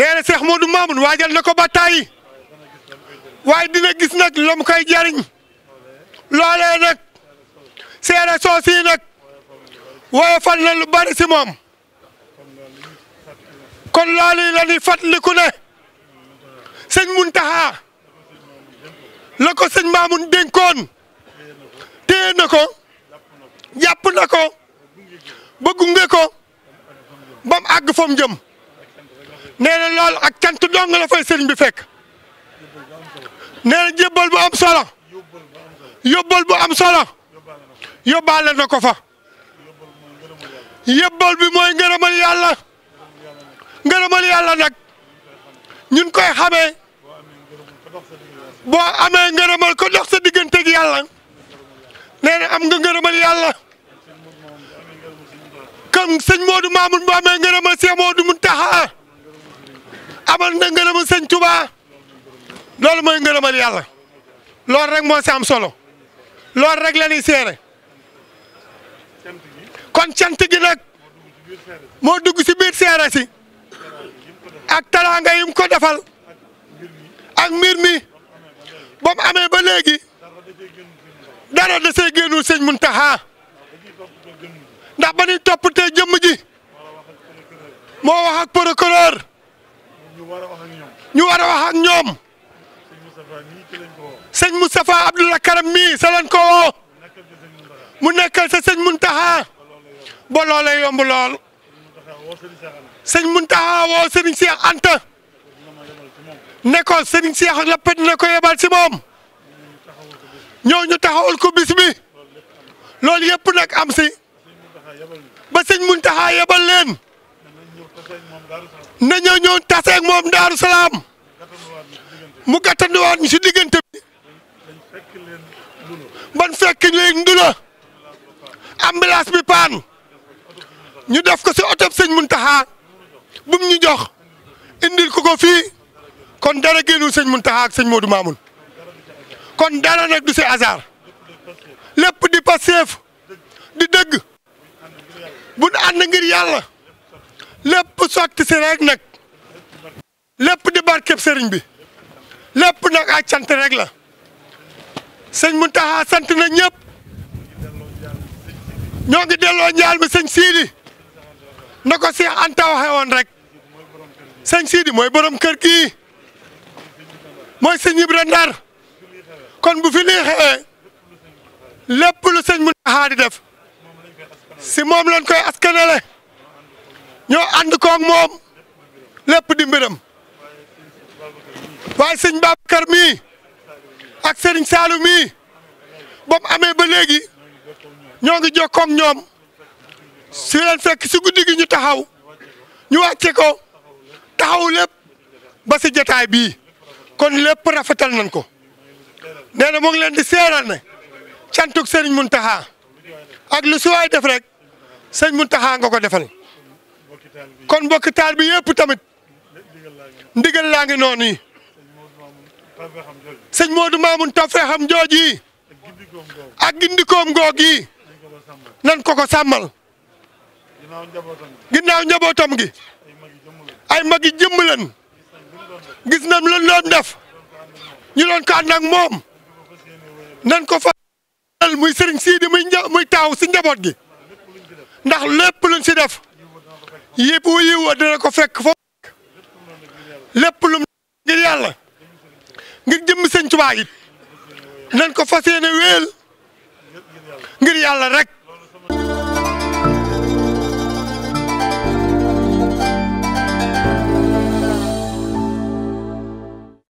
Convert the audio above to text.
nee na Cheikh Modou Mamoun waajal na ko ba tàyyi waaye dina gis nag la koy jariñ loolee nag seere soos nag wooye fal na lu bari moom kon loolu la ñuy fàttaliku ne sëñ Muntaxa la ko sëñ Mamoun dénkoon téye na ko jàpp na ko ba gunge ko ba mu àgg fa jëm nee na loolu ak cant dong la fay sëriñ bi fekk nee jébbal bu am solo yóbbal bu am solo yóbbaale na ko fa yóbbal bi mooy ngërëmal yàlla ngërëmal yàlla nag ñun koy xamee boo amee ngërëmal ko dox sa digganteeg yàlla nee am nga ngërëmal yàlla kam sëñ Modou Mamoun bu amee ngërëmal sëñ Modou Mountakha amal na ngërëmal sëñ Touba loolu mooy ngërëmal yàlla loolu rek moo si am solo loolu rek la ñuy seere kon cant gi nag moo dugg si biir seere si ak taraanga ko defal ak mbir mi ba amee ba léegi dara da see génnul sëñ Muntaxa ndax ba ñuy toppatee jëmm ji moo wax ak ñu war ñoom sëñ Moustapha Abdoul Karam mii sa lañ ko woo mu nekkal sa sëñ Muntaxa ba loolee yomb lool sëñ Muntaxa woo sëriñ Cheikh Anta ne ko sëriñ Cheikh lappet ko yebal si moom ñoo ñu taxawul ko bis bi yëpp nag am si ba sëñ Muntaxa yebal leen. nañoo ñëw taseeg moom daaru mu gàttanduwaat ñu si diggante bi ban fekk leen ndula ambulance bi paan ñu def ko si oto sëñ Muntaxa bum ñu jox indil ko ko fii kon dara génnul sëñ Muntaxa ak sëñ Modou Mamoun kon dara nag du si hasard lépp di passeef di dëgg bu ànd ngir yàlla lépp sotti si rek nag lépp di barkeb sëriñ bi lépp nag ak cant rek la sëñ Muntaxa sant na ñëpp ñoo ngi delloo njaal mi sëñ Siidi na ko Anta waxee woon rek Siidi mooy borom kër kii mooy sëñ Ibra Ndar kon bu fi lii xewee lépp lu sëñ Muntaxa di def si moom lañ koy askanale ñoo ànd koog moom lépp di mbiram waaye sëñ kër mii ak sëriñ Saalu mii ba amee ba léegi ñoo ngi jokkoog ñoom si leen fekk si guddi gi ñu taxaw ñu wàcce ko taxaw lépp ba si jotaay bii kon lépp rafetal nañ ko nee na mu ngi leen di seeral ne cantuk mun Muntaxa ak lu si waay def rek sëñ Muntaxa nga ko defal kon mbokk taal bi yëpp tamit ndigal laa ngi noonu yi sëñ Modou Mamoun tafee xam yi ak gindikoom ngoog yi nan ko ko sàmmal ginnaaw njabootam gi ay mag yi jëmm leen gis nañ lan def ñu doon ko ànd moom nan ko fa muy sëriñ siidi muy taaw si njaboot gi ndax lépp luñ si def yii bu yiwoo dina ko fekk foofu lépp lum ngir yàlla ngir jëmm sëñ Tuubaa it ko fas yéene wéel ngir yàlla rek